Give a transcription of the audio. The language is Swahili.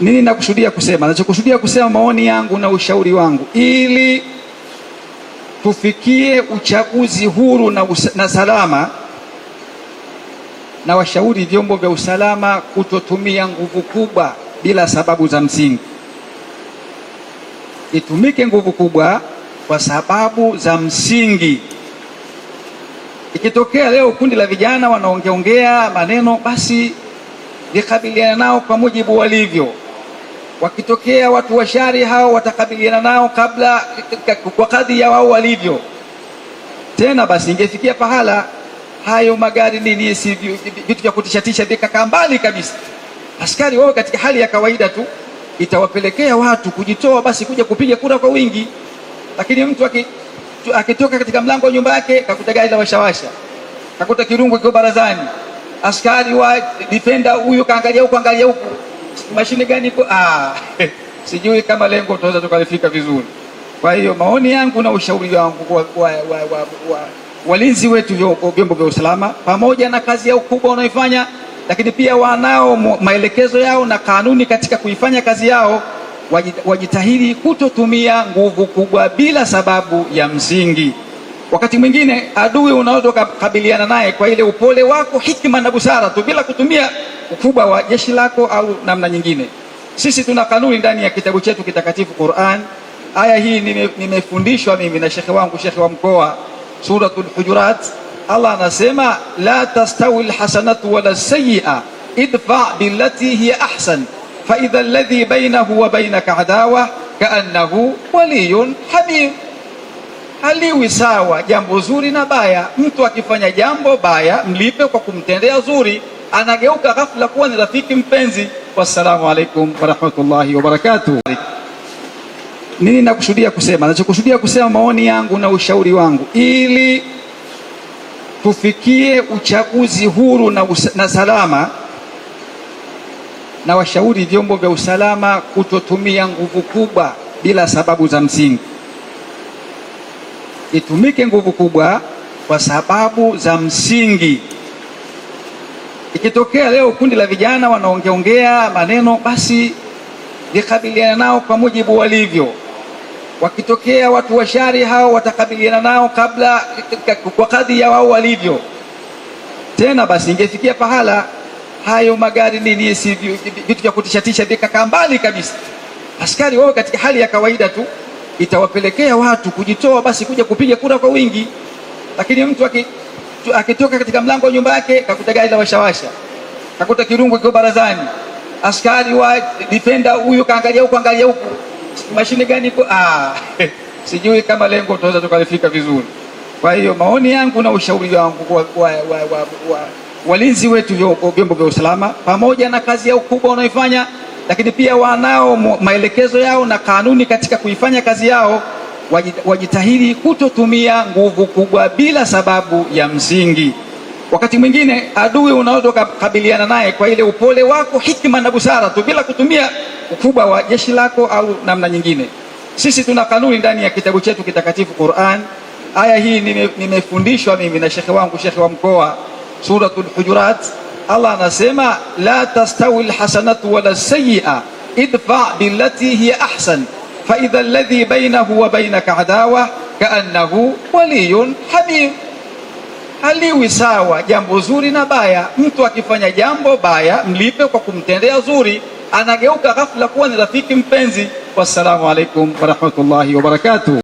nini nakusudia kusema? Nachokusudia kusema maoni yangu na ushauri wangu, ili tufikie uchaguzi huru na, na salama, na washauri vyombo vya usalama kutotumia nguvu kubwa bila sababu za msingi. Itumike nguvu kubwa kwa sababu za msingi. Ikitokea leo kundi la vijana wanaongeongea maneno, basi vikabiliana nao kwa mujibu walivyo wakitokea watu washari hao watakabiliana nao kabla kwa kadhi ya wao walivyo. Tena basi ingefikia pahala hayo magari nini, si vitu vya kutishatisha, vikakaa mbali kabisa, askari wao katika hali ya kawaida tu, itawapelekea watu kujitoa basi kuja kupiga kura kwa wingi. Lakini mtu akitoka katika mlango wa nyumba yake kakuta gari la washawasha, kakuta kirungu kiko barazani, askari wa defender huyo kaangalia huku, angalia huku mashine gani ipo? Ah, sijui kama lengo tunaweza tukalifika vizuri. Kwa hiyo maoni yangu na ushauri wangu kwa walinzi wetu vyombo vya usalama, pamoja na kazi yao kubwa wanaoifanya, lakini pia wanao maelekezo yao na kanuni katika kuifanya kazi yao, wajitahidi kutotumia nguvu kubwa bila sababu ya msingi. Wakati mwingine adui unaweza ukakabiliana naye kwa ile upole wako, hikima na busara tu, bila kutumia ukubwa wa jeshi lako au namna nyingine. Sisi tuna kanuni ndani ya kitabu chetu kitakatifu Qur'an. Aya hii nimefundishwa mimi na shekhe wangu, shekhe wa mkoa, Suratul Hujurat. Allah anasema la tastawi lhasanatu wala sayia idfa billati hiya ahsan faidha alladhi bainahu wa bainaka adawa kaannahu waliyun hamim haliwi sawa jambo zuri na baya. Mtu akifanya jambo baya mlipe kwa kumtendea zuri, anageuka ghafla kuwa ni rafiki mpenzi. Wassalamu alaikum warahmatullahi wabarakatuh. Nini nakusudia kusema? Nachokusudia kusema maoni yangu na ushauri wangu, ili tufikie uchaguzi huru na, na salama, na washauri vyombo vya usalama kutotumia nguvu kubwa bila sababu za msingi itumike nguvu kubwa kwa sababu za msingi. Ikitokea leo kundi la vijana wanaongeongea maneno, basi likabiliana nao kwa mujibu walivyo. Wakitokea watu wa shari, hao watakabiliana nao kabla kwa kadhi ya wao walivyo. Tena basi ingefikia pahala hayo magari nini, si vitu vya kutishatisha, vikakaa mbali kabisa, askari wao katika hali ya kawaida tu itawapelekea watu kujitoa basi kuja kupiga kura kwa wingi. Lakini mtu akitoka katika mlango wa nyumba yake kakuta gari la washawasha, kakuta kirungu kiko barazani, askari wa defender huyu kaangalia huku, angalia huku, mashine gani iko ah, sijui kama lengo tunaweza tukalifika vizuri. Kwa hiyo maoni yangu na ushauri wangu kwa walinzi wetu vyombo vya usalama, pamoja na kazi ya ukubwa wanaoifanya lakini pia wanao maelekezo yao na kanuni katika kuifanya kazi yao, wajitahidi kutotumia nguvu kubwa bila sababu ya msingi. Wakati mwingine adui unaweza ukakabiliana naye kwa ile upole wako, hikima na busara tu, bila kutumia ukubwa wa jeshi lako au namna nyingine. Sisi tuna kanuni ndani ya kitabu chetu kitakatifu Qur'an. Aya hii nimefundishwa mimi na shekhe wangu, shekhe wa mkoa, Suratul Hujurat Allah anasema la tastawi lhasanatu wala sayia idfa billati hiya ahsan faidha ladhi bainahu wa bainaka adawa kaannahu waliyun hamim, haliwi sawa jambo zuri na baya. Mtu akifanya jambo baya mlipe kwa kumtendea zuri, anageuka ghafla kuwa ni rafiki mpenzi. Wassalamu alaikum warahmatullahi wabarakatuh.